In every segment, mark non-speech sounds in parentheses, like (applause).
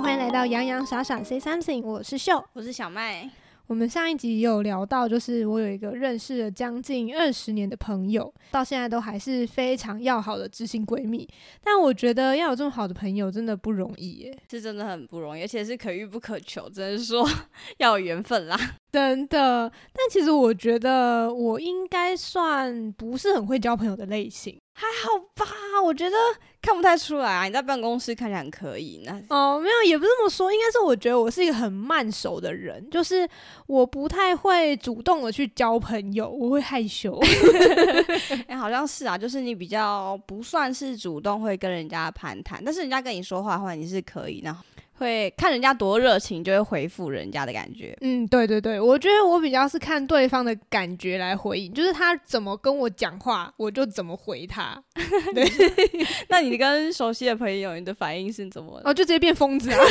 歡迎來到洋洋傻傻 say something，我是秀，我是小麥。我們上一集有聊到，就是我有一個認識了將近二十年的朋友，到現在都還是非常要好的知心閨蜜。但我覺得要有這麼好的朋友真的不容易耶，是真的很不容易，而且是可遇不可求，只能說要有緣分啦，真的。但其實我覺得我應該算不是很會交朋友的類型，還好吧？我覺得。看不太出來啊，你在辦公室看起來很可以那。哦，沒有，也不是這麼說，應該是我覺得我是一個很慢熟的人，就是我不太會主動的去交朋友，我會害羞。欸，好像是啊，就是你比較不算是主動會跟人家攀談，但是人家跟你說話的話，你是可以呢。那會看人家多熱情，就會回復人家的感覺。嗯，對對對，我覺得我比較是看對方的感覺來回應，就是他怎麼跟我講話，我就怎麼回他。 (laughs) 對， (laughs) (laughs) 那你跟熟悉的朋友，你的反應是怎麼了？哦，就直接變瘋子啊！ (laughs)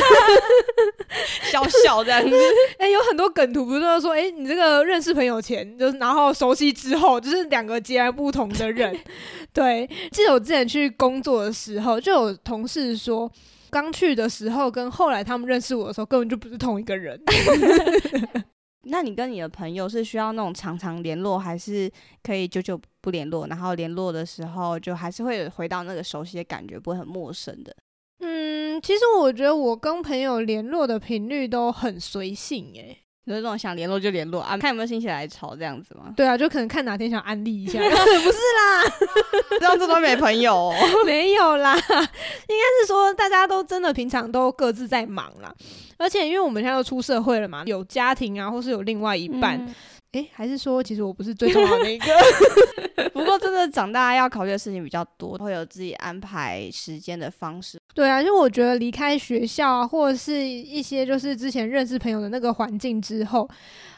(laughs) 小小這樣子。哎、 (laughs) 欸，有很多梗圖不是說，說，哎、欸，你這個認識朋友前，就是然後熟悉之後，就是兩個截然不同的人。 (laughs) 對，記得我之前去工作的時候，就有同事說。剛去的時候跟後來他們認識我的時候根本就不是同一個人。 (laughs) (laughs) 那你跟你的朋友是需要那種常常聯絡，還是可以久久不聯絡？然後聯絡的時候就還是會回到那個熟悉的感覺，不會很陌生的。嗯，其實我覺得我跟朋友聯絡的頻率都很隨性耶。就是那種想聯絡就聯絡啊，看有沒有心血來潮這樣子嗎？對啊，就可能看哪天想安利一下， (laughs) 不是啦， (laughs) 這樣子都沒朋友。哦， (laughs) 沒有啦，應該是說大家都真的平常都各自在忙啦。而且因為我們現在都出社會了嘛，有家庭啊，或是有另外一半。嗯哎、欸，還是說，其實我不是最重要的一個。 (laughs) 不過，真的長大要考慮的事情比較多，會有自己安排時間的方式。對啊，因為我覺得離開學校、啊、或者是一些就是之前認識朋友的那個環境之後，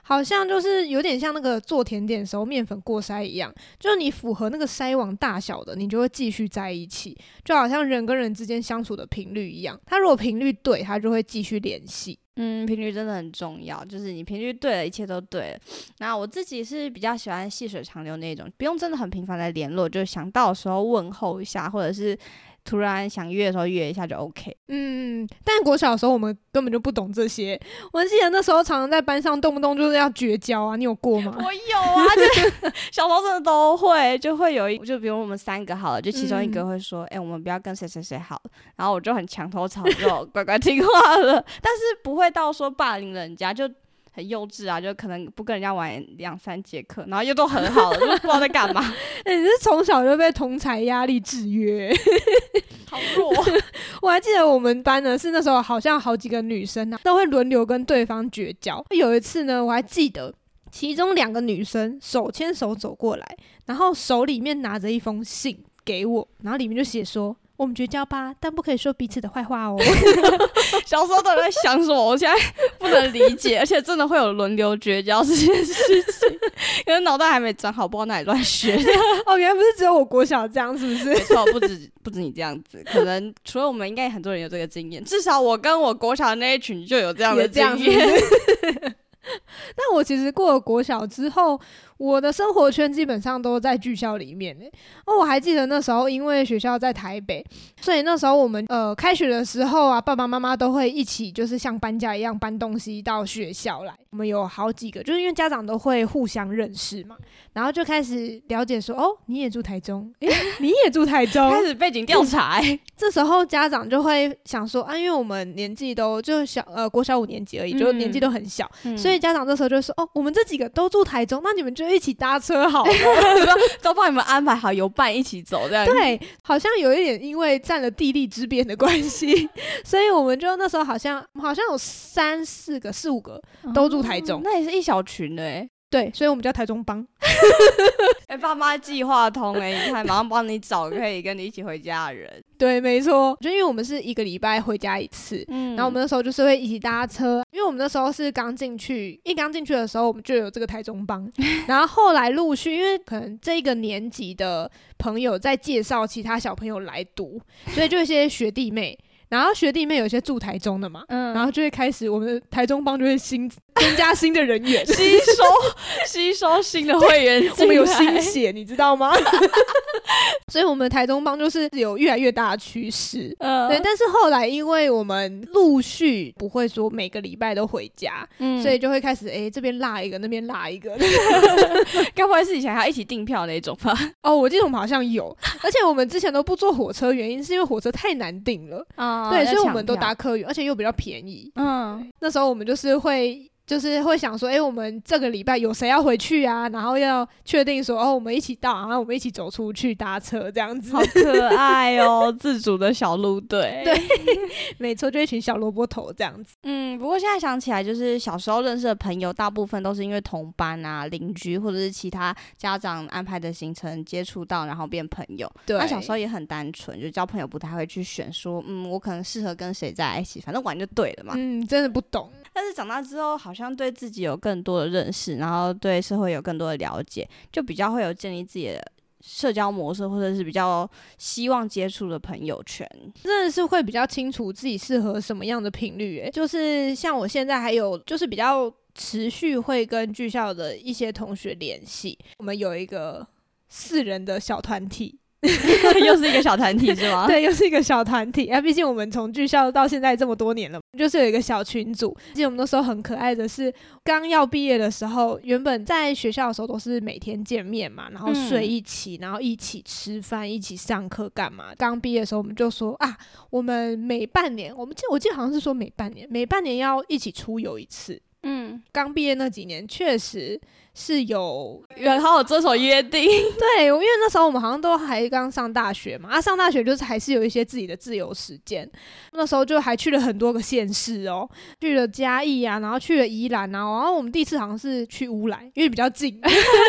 好像就是有點像那個做甜點的時候麵粉過篩一樣，就是你符合那個篩網大小的，你就會繼續在一起。就好像人跟人之間相處的頻率一樣，他如果頻率對，他就會繼續聯繫。嗯，頻率真的很重要，就是你頻率對了，一切都對了。那我自己是比較喜歡細水長流那種，不用真的很頻繁的聯絡，就是想到時候問候一下，或者是。突然想約的時候約一下就 OK。嗯，但國小的時候我們根本就不懂這些。 (laughs) 我記得那時候常常在班上動不動就是要絕交啊，你有過嗎？我有啊，就 (laughs) 小時候真的都會，就會有一，就比如我們三個好了，就其中一個會說：“哎、嗯欸，我們不要跟誰誰誰好了。”然後我就很牆頭草，就乖乖聽話了， (laughs) 但是不會到說霸凌人家就。很幼稚啊，就可能不跟人家玩兩三節課，然後又都很好了， (laughs) 就不知道在幹嘛、欸。你是從小就被同儕壓力制約、欸， (laughs) 好弱。 (laughs) 我還記得我們班呢，是那時候好像好幾個女生呢、啊，都會輪流跟對方絕交。有一次呢，我還記得其中兩個女生手牽手走過來，然後手裡面拿着一封信給我，然後裡面就寫說。我們絕交吧，但不可以說彼此的壞話哦。 (laughs) 小時候都在想什麼？ (laughs) 我現在不能理解，而且真的會有輪流絕交這件事情， (laughs) 因為腦袋還沒長好，不知道哪裡亂學。 (laughs) 哦，原來不是只有我國小這樣，是不是？沒錯，不止不止你這樣子， (laughs) 可能除了我們，應該很多人有這個經驗。至少我跟我國小的那一群就有這樣的經驗。那 (laughs) (laughs) 我其實過了國小之後。我的生活圈基本上都在劇校裡面，欸、哦，我還記得那時候，因為學校在台北，所以那時候我們呃開學的時候啊，爸爸媽媽都會一起，就是像搬家一樣搬東西到學校來。我們有好幾個，就是因為家長都會互相認識嘛，然後就開始了解說，哦，你也住台中，欸，你也住台中， (laughs) 開始背景調查，欸。這時候家長就會想說，啊，因為我們年紀都就小，呃，國小五年級而已，就年紀都很小，嗯，所以家長這時候就說，哦，我們這幾個都住台中，那你們就。一起搭車好，說 (laughs) (laughs) 都幫你們安排好遊伴一起走這樣。對，好像有一點，因為占了地利之便的關係， (laughs) 所以我們就那時候好像好像有三四個、四五個都住台中，哦、那也是一小群嘞、欸。對，所以我們叫台中幫。哎、 (laughs) 欸，爸媽計劃通、欸，你看，還馬上幫你找可以跟你一起回家的人。 (laughs) 對，沒錯，就因為我們是一個禮拜回家一次，嗯、然後我們那時候就是會一起搭車，因為我們那時候是剛進去，一剛進去的時候我們就有這個台中幫，然後後來陸續因為可能這個年級的朋友在介紹其他小朋友來讀，所以就一些學弟妹。 (laughs) 然後學弟妹有些住台中的嘛，嗯、然後就會開始我們台中幫就會新增加新的人員， (laughs) 吸收吸收新的會員，我們有新血， (laughs) 你知道嗎？ (laughs) 所以，我們台中幫就是有越來越大的趨勢。嗯、對，但是後來因為我們陸續不會說每個禮拜都回家，嗯、所以就會開始哎、欸、這邊拉一個，那邊拉一個，該 (laughs) (laughs) 不會是以前還要一起訂票那種吧？哦，我記得我們好像有， (laughs) 而且我們之前都不坐火車，原因是因為火車太難訂了啊。哦、對，所以我們都搭客運，而且又比較便宜。嗯，那時候我們就是會。就是會想說，哎、欸，我們這個禮拜有誰要回去啊？然後要確定說，哦，我們一起到，然後我們一起走出去搭車這樣子。好可愛哦、喔， (laughs) 自主的小路隊。對對， (laughs) 沒錯，就一群小蘿蔔頭這樣子。嗯，不過現在想起來，就是小時候認識的朋友，大部分都是因為同班啊、鄰居，或者是其他家長安排的行程接觸到，然後變朋友。對。那小時候也很單純，就交朋友不太會去選說，嗯，我可能適合跟誰在愛一起，反正玩就對了嘛。嗯，真的不懂。但是長大之後好像。好像對自己有更多的認識，然後對社會有更多的了解，就比較會有建立自己的社交模式，或者是比較希望接觸的朋友圈，真的是會比較清楚自己適合什麼樣的頻率。哎，就是像我現在還有，就是比較持續會跟劇校的一些同學聯繫。我們有一個四人的小團體。 (laughs) 又是一個小團體是嗎？ (laughs) 對，又是一個小團體啊！畢竟我們從劇校到現在這麼多年了，就是有一個小群組。其實我們那時候很可愛的是，剛要畢業的時候，原本在學校的時候都是每天見面嘛，然後睡一起，嗯、然後一起吃飯、一起上課幹嘛。剛畢業的時候，我們就說啊，我們每半年，我們記我記得好像是說每半年，每半年要一起出遊一次。嗯，剛畢業那幾年確實是有，然後有遵守約定。對，我因為那時候我們好像都還剛上大學嘛，啊，上大學就是還是有一些自己的自由時間。那時候就還去了很多個縣市哦，去了嘉義啊，然後去了宜蘭啊，然後我們第一次好像是去烏來，因為比較近，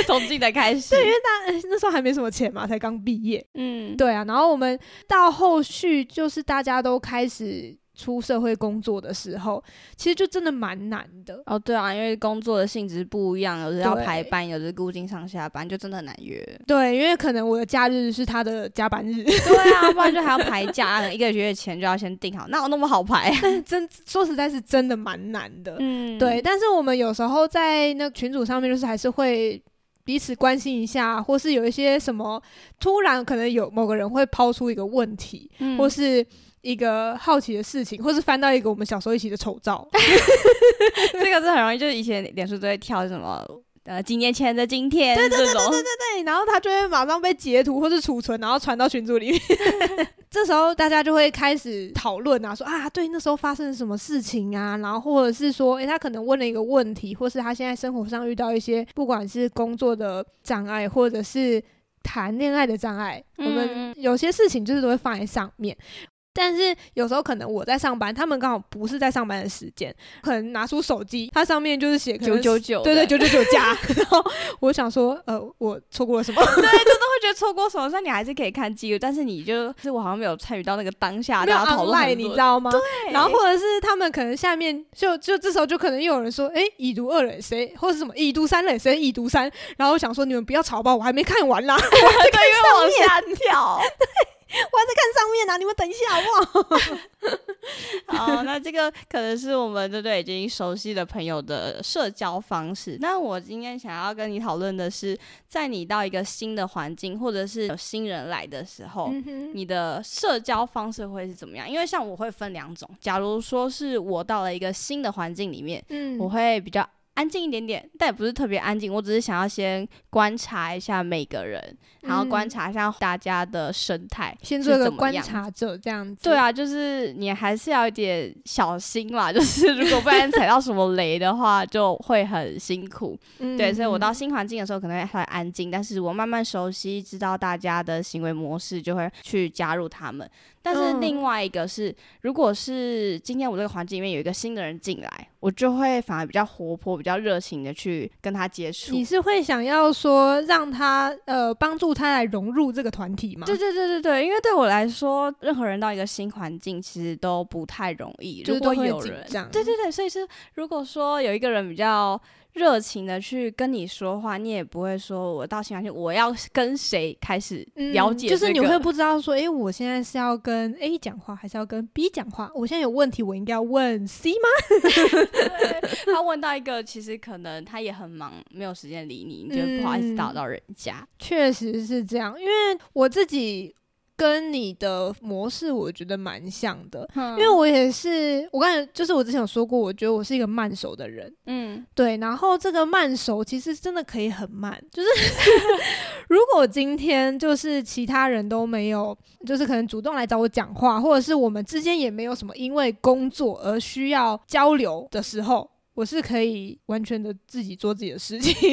從近的開始。 (laughs) 對，因為那那時候還沒什麼錢嘛，才剛畢業。嗯，對啊。然後我們到後續就是大家都開始。出社會工作的時候，其實就真的蠻難的哦。對啊，因為工作的性質不一樣，有時要排班，對有時固定上下班，就真的很難約。對，因為可能我的假日是他的加班日。對啊， (laughs) 不然就還要排假呢， (laughs) 一個月前就要先定好，哪有那麼好排？真說實在是真的蠻難的。嗯，對。但是我們有時候在那群組上面，就是還是會彼此關心一下，或是有一些什麼，突然可能有某個人會拋出一個問題，嗯、或是。一個好奇的事情，或是翻到一個我們小時候一起的醜照， (laughs) (laughs) 這個是很容易，就是以前臉書都會跳什麼，呃，幾年前的今天，對對，對對對對對對，然後他就會馬上被截圖或是儲存，然後傳到群組裡面。 (laughs) (laughs) 這時候大家就會開始討論啊，說啊，對，那時候發生了什麼事情啊，然後或者是說哎、欸、他可能問了一個問題，或是他現在生活上遇到一些，不管是工作的障礙或者是談戀愛的障礙，嗯、我們有些事情就是都會放在上面。但是有時候可能我在上班，他們剛好不是在上班的時間，可能拿出手機，它上面就是寫九九九，9 99 對對九九九加。對 然後我想說，呃，我錯過了什麼？對，真的 (laughs) 會覺得錯過什麼。雖然你還是可以看記錄，但是你就是， (laughs) 是我好像沒有參與到那個當下大家討論，你知道嗎？對。然後或者是他們可能下面就就這時候就可能又有人說，誒、欸，已讀二了誰，或者什麼已讀三了誰，已讀三。然後我想說你們不要吵吧，我還沒看完啦、啊，這個要往下跳。 (laughs) 對我還在看上面呢，啊，你們等一下好不好？ (laughs) 好，那這個可能是我們這對，對已經熟悉的朋友的社交方式。那我今天想要跟你討論的是，在你到一個新的環境，或者是有新人來的時候，嗯、哼你的社交方式會是怎麼樣？因為像我會分兩種，假如說是我到了一個新的環境裡面，嗯、我會比較。安靜一點點，但也不是特別安靜。我只是想要先觀察一下每個人，嗯、然後觀察一下大家的生態，先做個觀察者這樣子。對啊，就是你還是要一點小心嘛。就是如果不然踩到什麼雷的話， (laughs) 就會很辛苦。嗯、對，所以我到新環境的時候可能會很安靜，嗯、但是我慢慢熟悉，知道大家的行為模式，就會去加入他們。但是另外一個是，嗯、如果是今天我這個環境裡面有一個新的人進來，我就會反而比較活潑、比較熱情的去跟他接觸。你是會想要說讓他呃幫助他來融入這個團體嗎？對對對對對，因為對我來說，任何人到一個新環境其實都不太容易，如果有人這樣。對對對，所以是如果說有一個人比較。熱情的去跟你說話，你也不會說“我到現場去。我要跟誰開始了解、這個”嗯。就是你會不知道說“哎、欸，我現在是要跟 A 講話，還是要跟 B 講話？我現在有問題，我應該要問 C 嗎 (laughs) (laughs) ？”他問到一個，其實可能他也很忙，沒有時間理你，你就不好意思打擾人家，嗯、確實是這樣。因為我自己。跟你的模式，我覺得蠻像的，嗯、因為我也是，我剛才就是我之前有說過，我覺得我是一個慢熟的人，嗯，對。然後這個慢熟其實真的可以很慢，就是 (laughs) 如果今天就是其他人都沒有，就是可能主動來找我講話，或者是我們之間也沒有什麼因為工作而需要交流的時候，我是可以完全的自己做自己的事情， (laughs)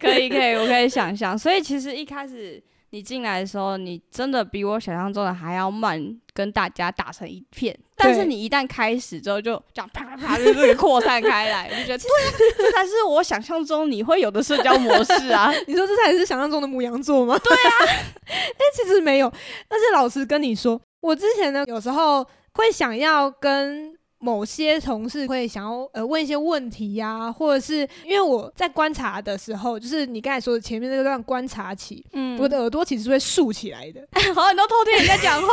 可以可以，我可以想想。 (laughs) 所以其實一開始。你進來的時候，你真的比我想象中的還要慢，跟大家打成一片。對但是你一旦開始之後，就這樣啪啪啪就是擴散開來，我 (laughs) 覺得 (laughs) 其實這才是我想象中你會有的社交模式啊！ (laughs) 你說這才是想象中的牡羊座嗎？對啊，哎、 (laughs) 欸，其實沒有，但是老實跟你說，我之前呢，有時候會想要跟。某些同事會想要呃問一些問題啊，或者是因為我在觀察的時候，就是你剛才說的前面那個段觀察期，嗯，我的耳朵其實是會豎起來的，嗯、 (laughs) 好，你都偷聽人家講話，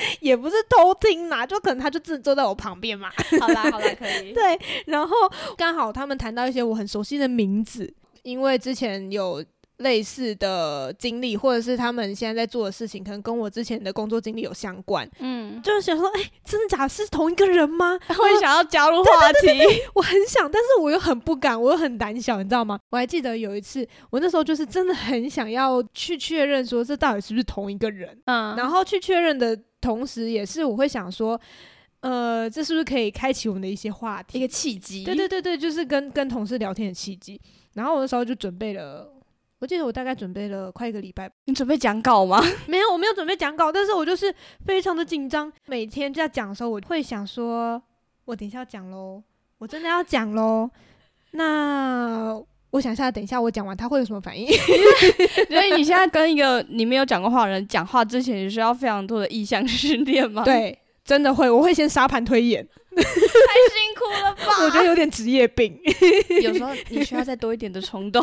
(laughs) 也不是偷聽嘛、啊，就可能他就坐坐在我旁邊嘛， (laughs) 好啦，好啦，可以，對，然後剛好他們談到一些我很熟悉的名字，因為之前有。類似的經歷，或者是他們現在在做的事情，可能跟我之前的工作經歷有相關。嗯，就是想說，哎、欸，真的假的？是同一個人嗎？會想要加入話題？對對對對，我很想，但是我又很不敢，我又很膽小，你知道嗎？我還記得有一次，我那時候就是真的很想要去確認，說這到底是不是同一個人。嗯，然後去確認的同時，也是我會想說，呃，這是不是可以開啟我們的一些話題，一個契機？對對對對，就是跟跟同事聊天的契機。然後我那時候就準備了。我記得我大概準備了快一個禮拜。你準備講稿嗎？沒有，我沒有準備講稿，但是我就是非常的緊張。每天在講的時候，我會想說：“我等一下要講咯，我真的要講咯。”那我想下，等一下我講完他會有什麼反應？ (laughs) (laughs) 所以你現在跟一個你沒有講過話的人講話之前，你需要非常多的意象訓練嗎？對。真的會，我會先沙盤推演。 (laughs) 太辛苦了吧？ (laughs) 我覺得有點職業病。 (laughs) 有時候你需要再多一點的衝動。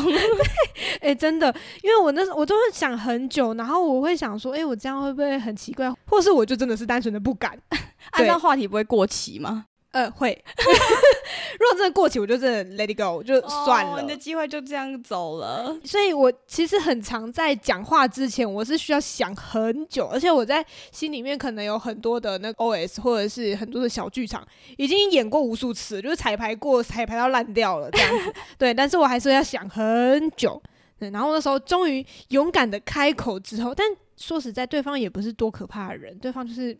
哎、 (laughs) (laughs) 欸，真的，因為我那時候我都會想很久，然後我會想說，哎、欸，我這樣會不會很奇怪？或是我就真的是單純的不敢。 (laughs) 按照話題不會過期嗎？呃，會。 (laughs) 如果真的過去，我就真的 let it go，就算了。我們、oh, 你的機會就這樣走了。所以，我其實很常在講話之前，我是需要想很久，而且我在心裡面可能有很多的那 O S，或者是很多的小劇場，已經演過無數次，就是彩排過，彩排到爛掉了這樣子。 (laughs) 對，但是我還是要想很久。對，然後那時候終於勇敢的開口之後，但說實在，對方也不是多可怕的人，對方就是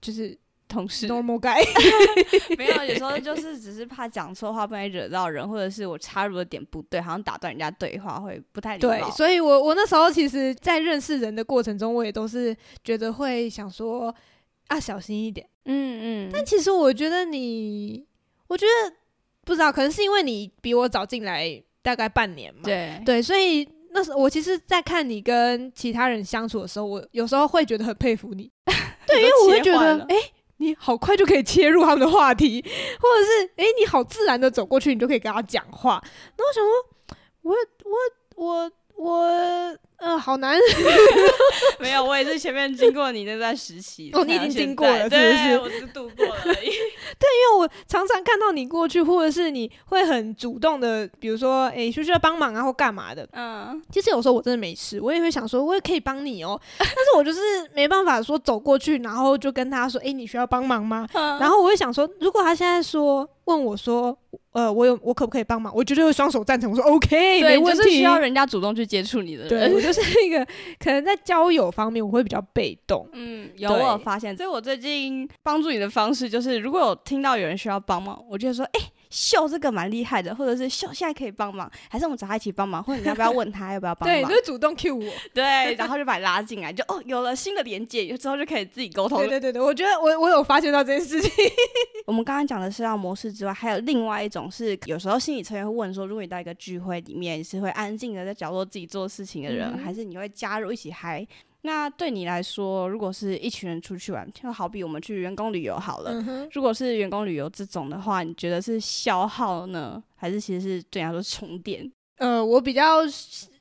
就是。同事 no more guy 沒有，有時候就是只是怕講錯話，不然惹到人，或者是我插入了點不對，好像打斷人家對話會不太禮貌。對，所以我我那時候其實，在認識人的過程中，我也都是覺得會想說啊，小心一點。嗯嗯。嗯，但其實我覺得你，我覺得不知道，可能是因為你比我早進來大概半年嘛。對對，所以那時候我其實，在看你跟其他人相處的時候，我有時候會覺得很佩服你。對， (laughs) 因為我會覺得，哎、欸。你好快就可以切入他們的話題，或者是誒、欸，你好自然的走過去，你就可以跟他講話。那我想說，我我我。我我嗯、呃，好難。 (laughs) (laughs) 沒有，我也是前面經過你那段時期。哦，你已經經過了。是是，對我是度過了 (laughs) 對，因為我常常看到你過去，或者是你會很主動的，比如說，誒、欸，需不需要幫忙啊，或幹嘛的。嗯，其實有時候我真的沒事，我也會想說，我也可以幫你哦、喔。但是我就是沒辦法說走過去，然後就跟他說，誒、欸，你需要幫忙嗎？嗯、然後我會想說，如果他現在說。問我說：“呃，我有我可不可以幫忙？我絕對會雙手贊成。”我說：“OK，對沒問題。”對，就是需要人家主動去接觸你的人。對， (laughs) 我就是那個可能在交友方面我會比較被動。嗯，有我有發現，所以對我最近幫助你的方式就是，如果有聽到有人需要幫忙，我就會說：“哎、欸。”秀這個蠻厲害的，或者是秀現在可以幫忙，還是我們找他一起幫忙，或者你要不要問他 (laughs) 要不要幫忙？對，就就是、主動 cue 我， (laughs) 對，然後就把你拉進來，就哦，有了新的連結有之後就可以自己溝通。對對對，我覺得我我有發現到這件事情。 (laughs) 我們剛剛講的是社交、啊、模式之外，還有另外一種是，有時候心理成員會問說，如果你在一個聚會裡面，你是會安靜的在角落自己做事情的人，嗯、還是你會加入一起嗨？那對你來說，如果是一群人出去玩，就好比我們去員工旅遊好了。嗯哼。如果是員工旅遊這種的話，你覺得是消耗呢，還是其實是對他說充電？呃，我比較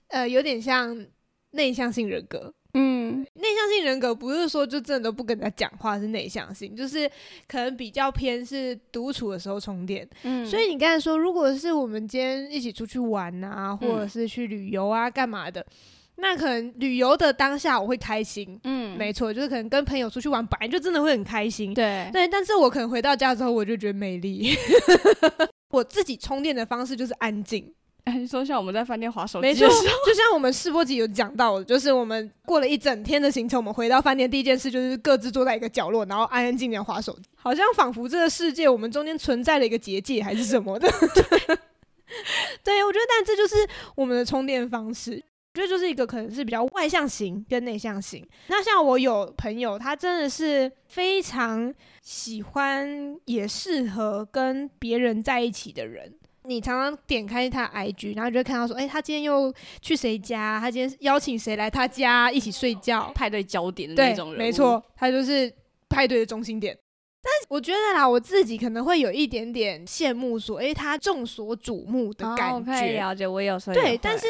呃有點像內向性人格。嗯，內向性人格不是說就真的都不跟他講話，是內向性，就是可能比較偏是獨處的時候充電。嗯，所以你剛才說，如果是我們今天一起出去玩啊，或者是去旅遊啊，幹嘛的？嗯那可能旅遊的當下我會開心，嗯，沒錯，就是可能跟朋友出去玩本來就真的會很開心，對，對，但是我可能回到家之後我就覺得沒力。 (laughs) 我自己充電的方式就是安靜。哎、欸，你說像我們在飯店滑手機。沒錯，就像我們試播集有講到的，就是我們過了一整天的行程，我們回到飯店第一件事就是各自坐在一個角落，然後安安靜靜滑手機。好像仿佛這個世界我們中間存在了一個結界還是什麼的。 (laughs) 對,對，我覺得但這就是我們的充電方式。所以就,就是一個可能是比較外向型跟內向型。那像我有朋友，他真的是非常喜歡，也適合跟別人在一起的人。你常常點開他 IG，然後就會看到說，哎、欸，他今天又去誰家？他今天邀請誰來他家一起睡覺？派對焦點的那種人，沒錯，他就是派對的中心點。但是我覺得啦，我自己可能會有一點點羨慕所，因為所哎，他眾所矚目的感覺，可、oh, okay, 了解，對。但是，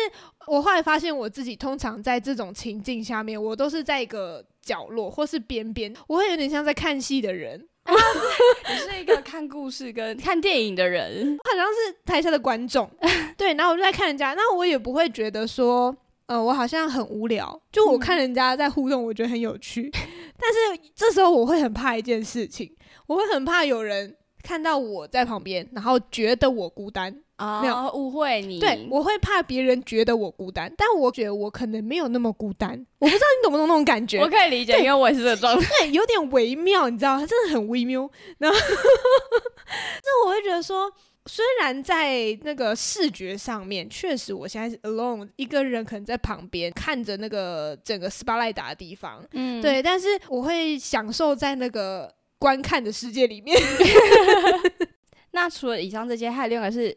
我後來發現，我自己通常在這種情境下面，我都是在一個角落或是邊邊，我會有點像在看戲的人， (laughs) (laughs) 是一個看故事跟看電影的人， (laughs) 好像是台下的觀眾。對，然後我就在看人家，那我也不會覺得說。呃，我好像很無聊，就我看人家在互動，我覺得很有趣。嗯、但是這時候我會很怕一件事情，我會很怕有人看到我在旁邊，然後覺得我孤單啊，然後誤、哦、沒有、誤會你。對，我會怕別人覺得我孤單，但我覺得我可能沒有那麼孤單。我不知道你懂不懂那種感覺， (laughs) 我可以理解，對因為我也是這種狀態，有點微妙，你知道，他真的很微妙。然後， (laughs) 這我會覺得說。雖然在那個視覺上面，確實我現在是 alone 一個人，可能在旁邊看着那個整個斯巴萊達的地方，嗯，對，但是我會享受在那個觀看的世界裡面。 (laughs) (laughs) 那除了以上這些，還有另外是，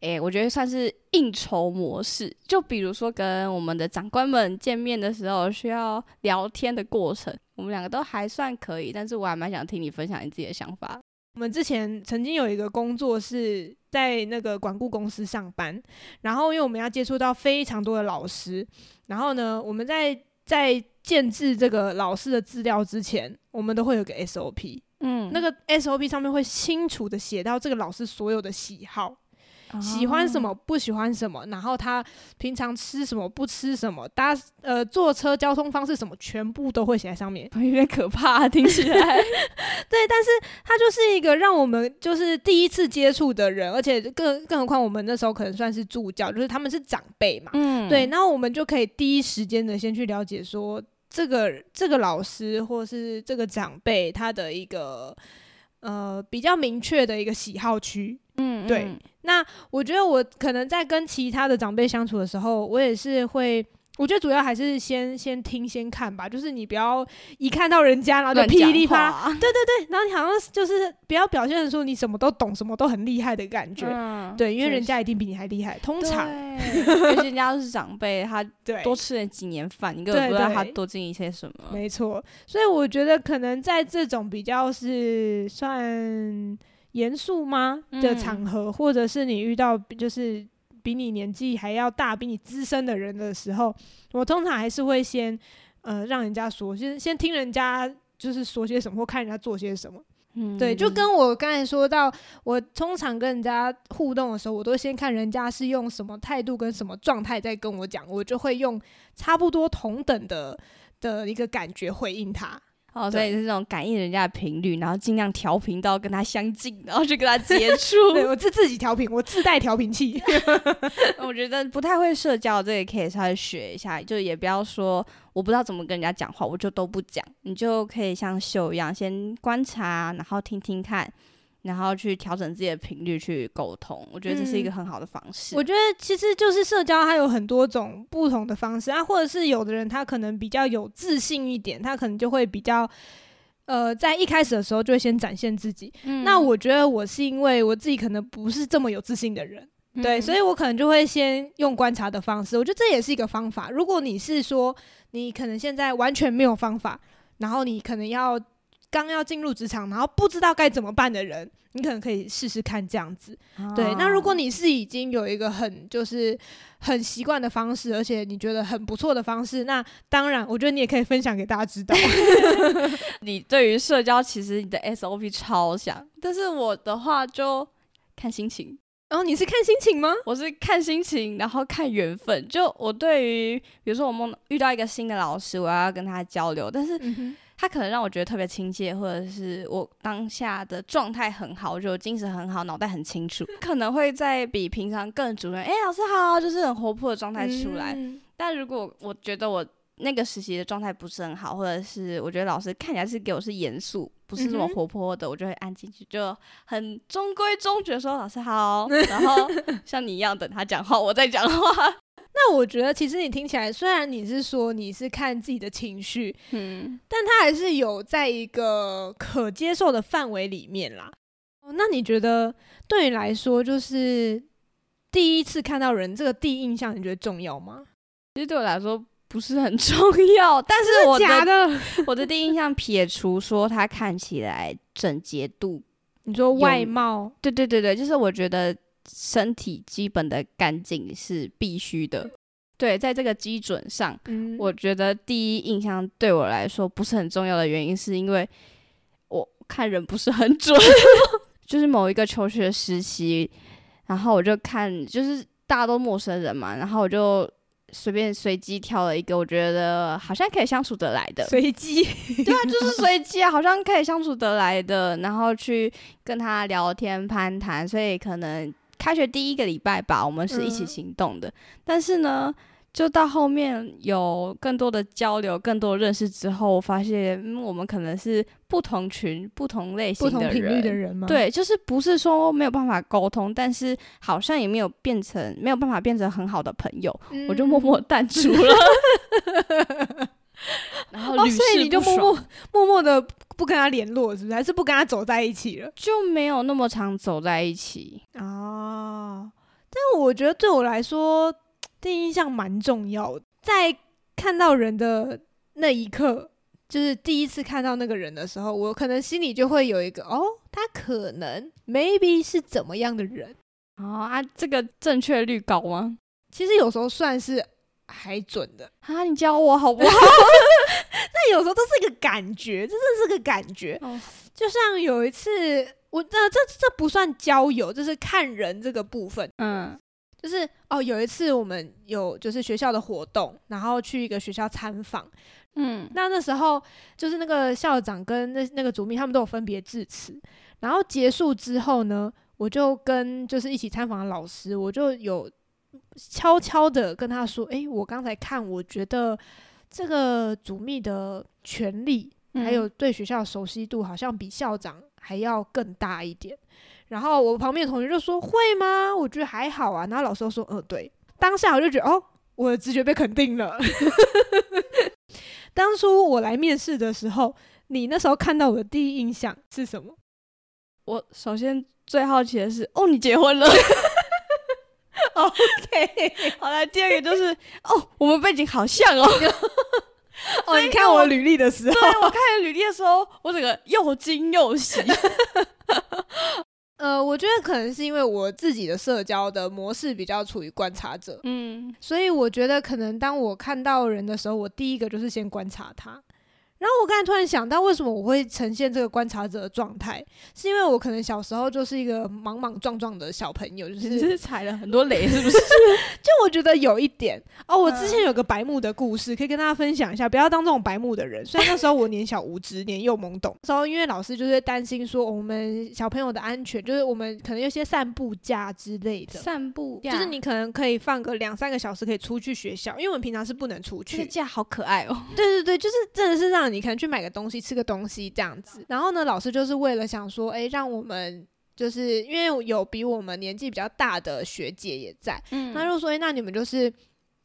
哎、欸，我覺得算是應酬模式，就比如說跟我們的長官們見面的時候，需要聊天的過程，我們兩個都還算可以，但是我還蠻想聽你分享你自己的想法。我們之前曾經有一個工作是在那個管顧公司上班，然後因為我們要接觸到非常多的老師，然後呢，我們在在建制這個老師的資料之前，我們都會有個 SOP，嗯，那個 SOP 上面會清楚的寫到這個老師所有的喜好。喜歡什麼不喜歡什麼，然後他平常吃什麼不吃什麼，搭呃坐車交通方式什麼，全部都會寫在上面。有點可怕啊，聽起來。 (laughs) (laughs) 對，但是他就是一個讓我們就是第一次接觸的人，而且更更何況我們那時候可能算是助教，就是他們是長輩嘛，嗯，對，那我們就可以第一時間的先去了解說這個這個老師或是這個長輩他的一個呃比較明確的一個喜好區。嗯，嗯，對。那我覺得我可能在跟其他的長輩相處的時候，我也是會，我覺得主要還是先先聽先看吧。就是你不要一看到人家，然後就噼裡啪啦，對對對，然後你好像就是不要表現出你什麼都懂，什麼都很厲害的感覺。對，因為人家一定比你還厲害。通常，因為人家都是長輩，他多吃了幾年飯，你根本不知道他多經營些什麼。沒錯。所以我覺得可能在這種比較是算。嚴肅嗎？的場合，嗯、或者是你遇到比就是比你年紀還要大，比你資深的人的時候，我通常還是會先呃讓人家說，先先聽人家就是說些什麼，或看人家做些什麼。嗯，對，就跟我剛才說到，我通常跟人家互動的時候，我都先看人家是用什麼態度跟什麼狀態在跟我講，我就會用差不多同等的的一個感覺回應他。哦，所以是那種感應人家的頻率，對然後盡量調頻到跟他相近，然後就跟他接觸。 (laughs) 對，我自自己調頻，我自帶調頻器。 (laughs) (laughs) 我覺得不太會社交，這也、個、可以稍微學一下，就也不要說我不知道怎麼跟人家講話，我就都不講。你就可以像秀一樣，先觀察，然後聽聽看。然後去調整自己的頻率去溝通，我覺得這是一個很好的方式。嗯、我覺得其實就是社交，它有很多種不同的方式啊，或者是有的人他可能比較有自信一點，他可能就會比較，呃，在一開始的時候就會先展現自己。嗯、那我覺得我是因為我自己可能不是這麼有自信的人，嗯、對，所以我可能就會先用觀察的方式。我覺得這也是一個方法。如果你是說你可能現在完全沒有方法，然後你可能要。剛要進入職場，然後不知道該怎麼辦的人，你可能可以試試看這樣子。哦、對，那如果你是已經有一個很就是很習慣的方式，而且你覺得很不錯的方式，那當然，我覺得你也可以分享給大家知道。 (laughs) 你對於社交其實你的 SOP 超強，但是我的話就看心情。然後、哦、你是看心情嗎？我是看心情，然後看緣分。就我對於比如說我們遇到一個新的老師，我要跟他交流，但是。嗯他可能讓我覺得特別親切，或者是我當下的狀態很好，就精神很好，腦袋很清楚，可能會在比平常更主動。誒、欸，老師好，就是很活潑的狀態出來。嗯、但如果我覺得我那個實習的狀態不是很好，或者是我覺得老師看起來是給我是嚴肅，不是那麼活潑的，嗯嗯我就會安靜去，就很中規中矩說老師好，然後像你一樣等他講話，我再講話。那我覺得，其實你聽起來，雖然你是說你是看自己的情緒，嗯，但他還是有在一個可接受的範圍裡面啦。那你覺得對你來說，就是第一次看到人這個第一印象，你覺得重要嗎？其實對我來說不是很重要，但是我覺得 (laughs) 假的 (laughs) 我的第一印象撇除說他看起來整潔度，你說外貌？對對對對，就是我覺得。身體基本的乾淨是必須的，對，在這個基準上，嗯、我覺得第一印象對我來說不是很重要的原因，是因為我看人不是很準。 (laughs) 就是某一個求學時期，然後我就看，就是大家都陌生人嘛，然後我就隨便隨機挑了一個，我覺得好像可以相處得來的。隨機？ (laughs) 對啊，就是隨機啊，好像可以相處得來的，然後去跟他聊天攀談，所以可能。開學第一個禮拜吧，我們是一起行動的。嗯、但是呢，就到後面有更多的交流、更多認識之後，發現、嗯、我們可能是不同群、不同類型、不同頻率的人嘛。對，就是不是說沒有辦法溝通，但是好像也沒有變成沒有辦法變成很好的朋友，嗯、我就默默淡出了。 (laughs) 然後、哦，所以你就默默默默的不跟他聯絡，是不是？還是不跟他走在一起了？就沒有那麼常走在一起啊、哦。但我覺得對我來說，第一印象蠻重要的。在看到人的那一刻，就是第一次看到那個人的時候，我可能心裡就會有一個哦，他可能 maybe 是怎麼樣的人。哦，啊，這個正確率高嗎？其實有時候算是。還準的啊，你教我好不好？ (laughs) (laughs) 那有時候都是一個感覺，真的是個感覺。Oh. 就像有一次，我那、呃、這這不算交友，就是看人這個部分。嗯，就是哦，有一次我們有就是學校的活動，然後去一個學校參訪。嗯，那那時候就是那個校長跟那那個主秘他們都有分別致詞。然後結束之後呢，我就跟就是一起參訪的老師，我就有。悄悄的跟他說：“誒、欸，我剛才看，我覺得這個主秘的權力，還有對學校的熟悉度，好像比校長還要更大一點。嗯”然後我旁邊的同學就說：“會嗎？”我覺得還好啊。然後老師就說：“嗯，對。”當下我就覺得：“哦，我的直覺被肯定了。 (laughs) ”當初我來面試的時候，你那時候看到我的第一印象是什麼？我首先最好奇的是：“哦，你結婚了。” (laughs) OK， (laughs) 好啦，第二個就是 (laughs) 哦，我們背景好像哦。 (laughs) 哦， (laughs) 哦哦，你看我，我履歷的時候，對我看履歷的時候，我整個又驚又喜。 (laughs) (laughs) 呃，我覺得可能是因為我自己的社交的模式比較處於觀察者，嗯，所以我覺得可能當我看到人的時候，我第一個就是先觀察他。然後我剛才突然想到，為什麼我會呈現這個觀察者的狀態？是因為我可能小時候就是一個莽莽撞撞的小朋友，就是，是踩了很多雷，是不是？ (laughs) 就我覺得有一點哦，嗯、我之前有個白目的故事，可以跟大家分享一下，不要當這種白目的人。雖然那時候我年小無知， (laughs) 年幼懵懂，時候因為老師就是擔心說我們小朋友的安全，就是我們可能有些散步假之類的散步，就是你可能可以放個兩三個小時可以出去學校，因為我們平常是不能出去。這個假好可愛哦！對對對，就是真的是讓。你可能去買個東西，吃個東西這樣子。然後呢，老師就是為了想說，誒、欸，讓我們就是因為有比我們年紀比較大的學姐也在，嗯，他就說，誒、欸，那你們就是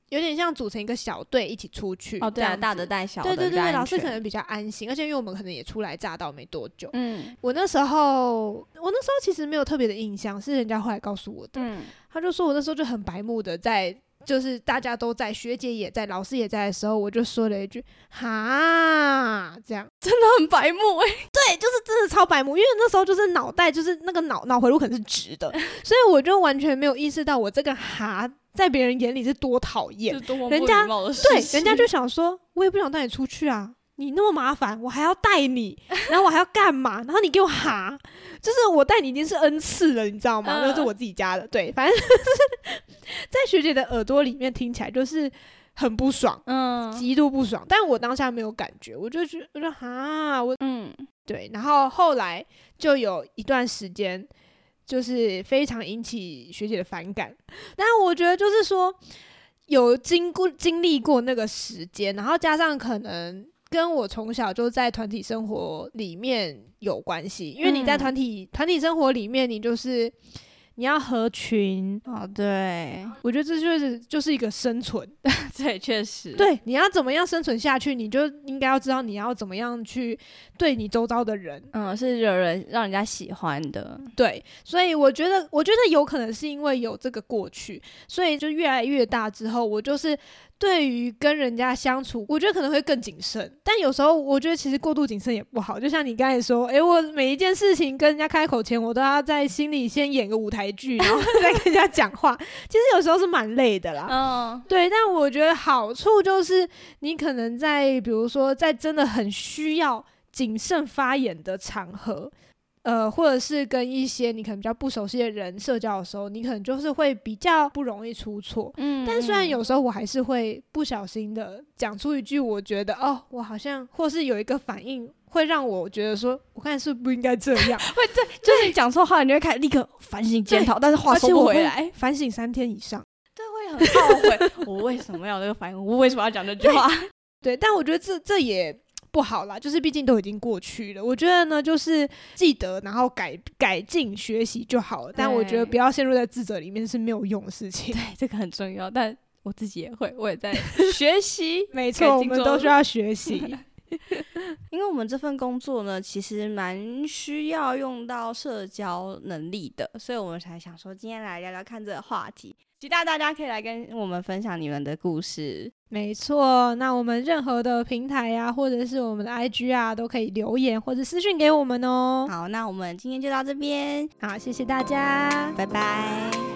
有點像組成一個小隊一起出去這樣，哦，對啊，大的帶小的，對對對。安全。老師可能比較安心，而且因為我們可能也初來乍到沒多久，嗯，我那時候我那時候其實沒有特別的印象，是人家後來告訴我的，嗯，他就說我那時候就很白目的在。就是大家都在，學姐也在，老師也在的時候，我就說了一句“哈”，這樣真的很白目哎、欸，對，就是真的超白目，因為那時候就是腦袋就是那個腦腦回路可能是直的， (laughs) 所以我就完全沒有意識到我這個“哈”在別人眼裡是多討厭，人家對，人家就想說，我也不想帶你出去啊。你那麼麻煩，我還要帶你，然後我還要幹嘛？ (laughs) 然後你給我哈，就是我帶你已經是 n 次了，你知道嗎？Uh. 那是我自己家的，對，反正， (laughs) 在學姐的耳朵裡面聽起來就是很不爽，嗯，uh. 極度不爽。但我當下沒有感覺，我就覺得我就我就哈。我嗯，對。然後後來就有一段時間，就是非常引起學姐的反感。但我覺得就是說，有經過經歷過那個時間，然後加上可能。跟我從小就在團體生活裡面有關係，因為你在團體、嗯、團體生活裡面，你就是你要合群啊，哦。對，我覺得這就是就是一個生存， (laughs) 對，確實，對，你要怎麼樣生存下去，你就應該要知道你要怎麼樣去對你周遭的人，嗯，是惹人讓人家喜歡的。對，所以我覺得，我覺得有可能是因為有這個過去，所以就越來越大之後，我就是。對於跟人家相處，我覺得可能會更謹慎。但有時候我覺得其實過度謹慎也不好。就像你剛才說，誒、欸，我每一件事情跟人家開口前，我都要在心裡先演個舞台劇，然後再跟人家講話。 (laughs) 其實有時候是蠻累的啦。Oh. 對。但我覺得好處就是，你可能在比如說在真的很需要謹慎發言的場合。呃，或者是跟一些你可能比較不熟悉的人社交的時候，你可能就是會比較不容易出錯。嗯，但雖然有時候我還是會不小心的講出一句，我覺得哦，我好像或是有一個反應，會讓我覺得說，我看是不是不應該這樣。會， (laughs) 對，就是你講錯話你就會開始立刻反省檢討，對但是話說回來，反省三天以上，對，會很後悔。我為什麼要這個反應？ (laughs) 我為什麼要講這句話？ (laughs) 對，但我覺得這這也。不好啦，就是畢竟都已經過去了。我覺得呢，就是記得，然後改改進學習就好了。但我覺得不要陷入在自責裡面是沒有用的事情。對，這個很重要。但我自己也會，我也在學習。 (laughs) 沒錯，我們都需要學習。 (laughs) (laughs) 因為我們這份工作呢，其實蠻需要用到社交能力的，所以我們才想說今天來聊聊看這個話題，期待大家可以來跟我們分享你們的故事。沒錯，那我們任何的平台呀、啊，或者是我們的 IG 啊，都可以留言或者私訊給我們哦、喔。好，那我們今天就到這邊，好，謝謝大家，拜拜。拜拜。